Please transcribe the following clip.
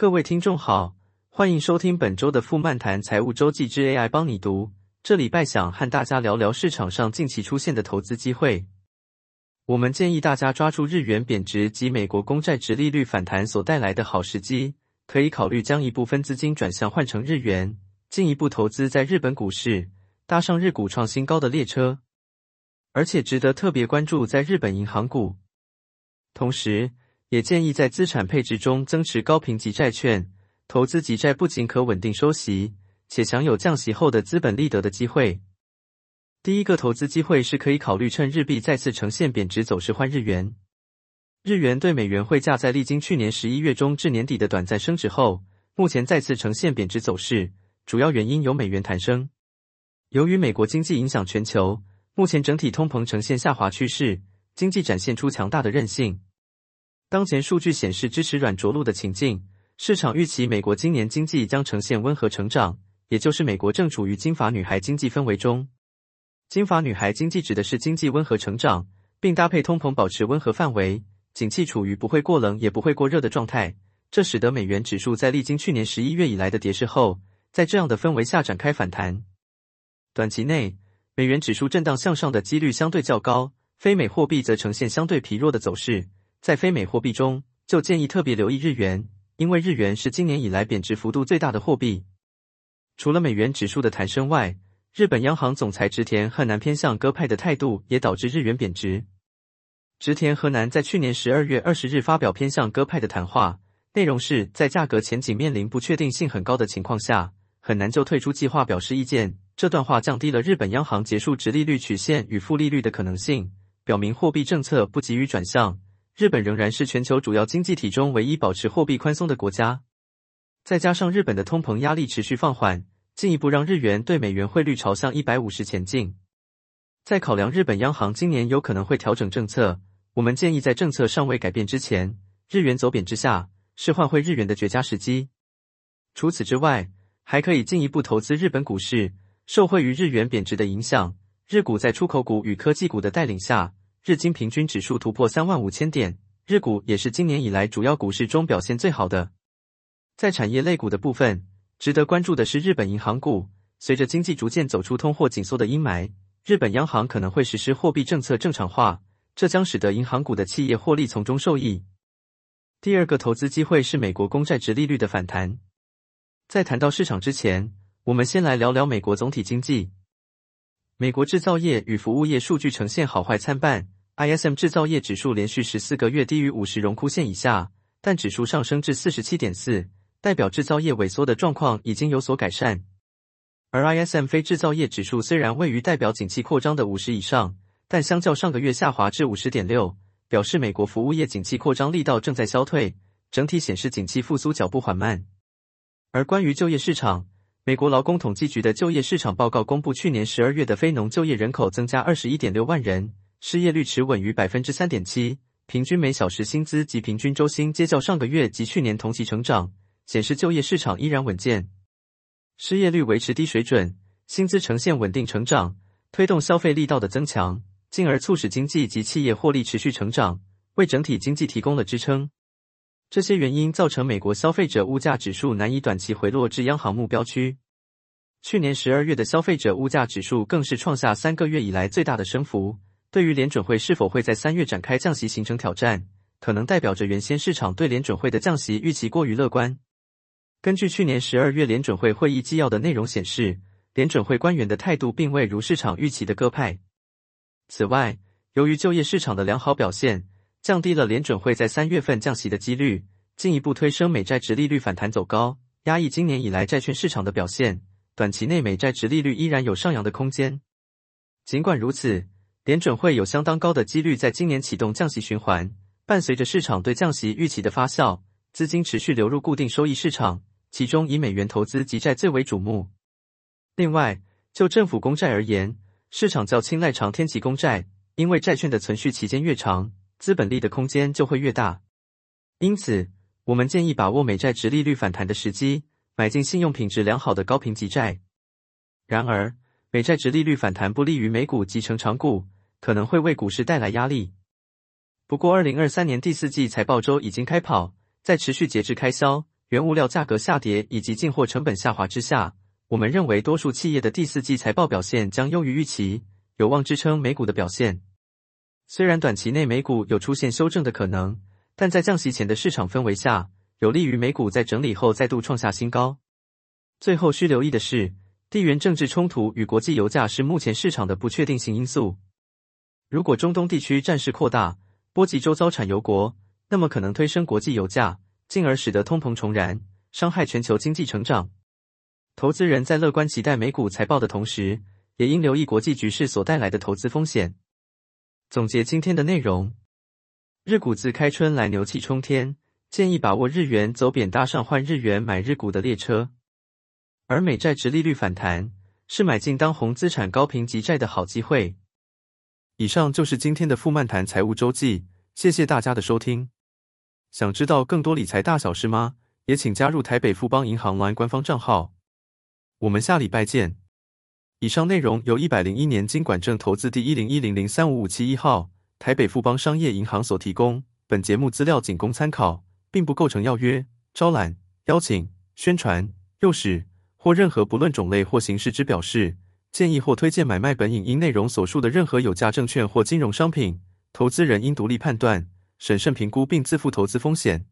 各位聽眾好，歡迎收聽本周的富曼談財務周記之 AI 幫你讀。這禮拜想和大家聊聊市場上近期出現的投資機會。我們建議大家抓住日元貶值及美國公債殖利率反彈所帶來的好時機，可以考慮將一部分資金轉向換成日元，進一步投資在日本股市，搭上日股創新高的列車。而且值得特別關注在日本銀行股。同時，也建議在資產配置中增持高評級債券。投資級債不僅可穩定收息，且享有降息後的資本利得的機會。第一個投資機會是可以考慮趁日幣再次呈現貶值走勢換日元。日元兌美元匯價在歷經去年十一月中至年底的短暫升值後，目前再次呈現貶值走勢，主要原因有美元彈升。由於美國經濟影響全球，目前整體通膨呈現下滑趨勢，經濟展現出強大的韌性。當前數據顯示，支持軟着陸的情境。市場預期美國今年經濟將呈現溫和成長，也就是美國正處於“金髮女孩經濟”氛圍中。“金髮女孩經濟”指的是經濟溫和成長，並搭配通膨保持溫和範圍，景氣處於不會過冷也不會過熱的狀態。這使得美元指數在歷經去年十一月以來的跌勢後，在這樣的氛圍下展開反彈。短期內，美元指數震盪向上的幾率相對較高，非美貨幣則呈現相對疲弱的走勢。在非美貨幣中，就建議特別留意日元，因為日元是今年以來貶值幅度最大的貨幣。除了美元指數的抬升外，日本央行總裁植田和男偏向鴿派的態度也導致日元貶值。植田和男在去年十二月二十日發表偏向鴿派的談話，內容是在價格前景面臨不確定性很高的情況下，很難就退出計劃表示意見。這段話降低了日本央行結束殖利率曲線與負利率的可能性，表明貨幣政策不急於轉向。日本仍然是全球主要經濟體中唯一保持貨幣寬鬆的國家，再加上日本的通膨壓力持續放緩，進一步讓日元兌美元匯率朝向一百五十前進。在考量日本央行今年有可能會調整政策，我們建議在政策尚未改變之前，日元走貶之下，是換匯日元的絕佳時機。除此之外，還可以進一步投資日本股市，受惠於日元貶值的影響，日股在出口股與科技股的帶領下，日經平均指數突破三萬五千點，日股也是今年以來主要股市中表現最好的。在產業類股的部分，值得關注的是日本銀行股。隨着經濟逐漸走出通貨緊縮的陰霾，日本央行可能會實施貨幣政策正常化，這將使得銀行股的企業獲利從中受益。第二個投資機會是美國公債殖利率的反彈。在談到市場之前，我們先來聊聊美國總體經濟。美國製造業與服務業數據呈現好壞參半。ISM 製造業指數連續十四個月低於五十榮枯線以下，但指數上升至四十七點四，代表製造業萎縮的狀況已經有所改善。而 ISM 非製造業指數雖然位於代表景氣擴張的五十以上，但相較上個月下滑至五十點六，表示美國服務業景氣擴張力道正在消退，整體顯示景氣復甦腳步緩慢。而關於就業市場，美國勞工統計局的就業市場報告公布，去年十二月的非農就業人口增加二十一點六萬人，失業率持穩於百分之三點七，平均每小時薪資及平均周薪皆較上個月及去年同期成長，顯示就業市場依然穩健。失業率維持低水準，薪資呈現穩定成長，推動消費力道的增強，進而促使經濟及企業獲利持續成長，為整體經濟提供了支撐。這些原因造成美國消費者物價指數難以短期回落至央行目標區。去年十二月的消費者物價指數更是創下三個月以來最大的升幅。對於聯準會是否會在三月展開降息形成挑戰，可能代表着原先市場對聯準會的降息預期過於樂觀。根據去年十二月聯準會會議紀要的內容顯示，聯準會官員的態度並未如市場預期的鴿派。此外，由於就業市場的良好表現，降低了聯準會在三月份降息的幾率，進一步推升美債殖利率反彈走高，壓抑今年以來債券市場的表現。短期內美債殖利率依然有上揚的空間。儘管如此，聯準會有相當高的幾率在今年啟動降息循環。伴隨着市場對降息預期的發酵，資金持續流入固定收益市場，其中以美元投資級債最為矚目。另外，就政府公債而言，市場較青睞長天期公債，因為債券的存續期間越長。資本利的空間就會越大，因此我們建議把握美債殖利率反彈的時機，買進信用品質良好的高評級債。然而，美債殖利率反彈不利於美股及成長股，可能會為股市帶來壓力。不過，二零二三年第四季財報週已經開跑，在持續節制開銷、原物料價格下跌以及進貨成本下滑之下，我們認為多數企業的第四季財報表現將優於預期，有望支撐美股的表現。雖然短期內美股有出現修正的可能，但在降息前的市場氛圍下，有利於美股在整理後再度創下新高。最後需留意的是，地緣政治衝突與國際油價是目前市場的不確定性因素。如果中東地區戰事擴大，波及周遭產油國，那麼可能推升國際油價，進而使得通膨重燃，傷害全球經濟成長。投資人在樂觀期待美股財報的同時，也應留意國際局勢所帶來的投資風險。總結今天的內容，日股自開春來牛氣沖天，建議把握日元走貶，搭上換日元買日股的列車。而美債殖利率反彈，是買進當紅資產高評級債的好機會。以上就是今天的富曼談財務周記，謝謝大家的收聽。想知道更多理財大小事嗎？也請加入台北富邦銀行 LINE 官方賬號。我們下禮拜見。以上內容由一百零一年金管證投字第一零一零零三五五七一號台北富邦商業銀行所提供。本節目資料僅供參考，並不構成要約、招攬、邀請、宣傳、誘使或任何不論種類或形式之表示、建議或推薦買賣本影音內容所述的任何有價證券或金融商品。投資人應獨立判斷、審慎評估並自負投資風險。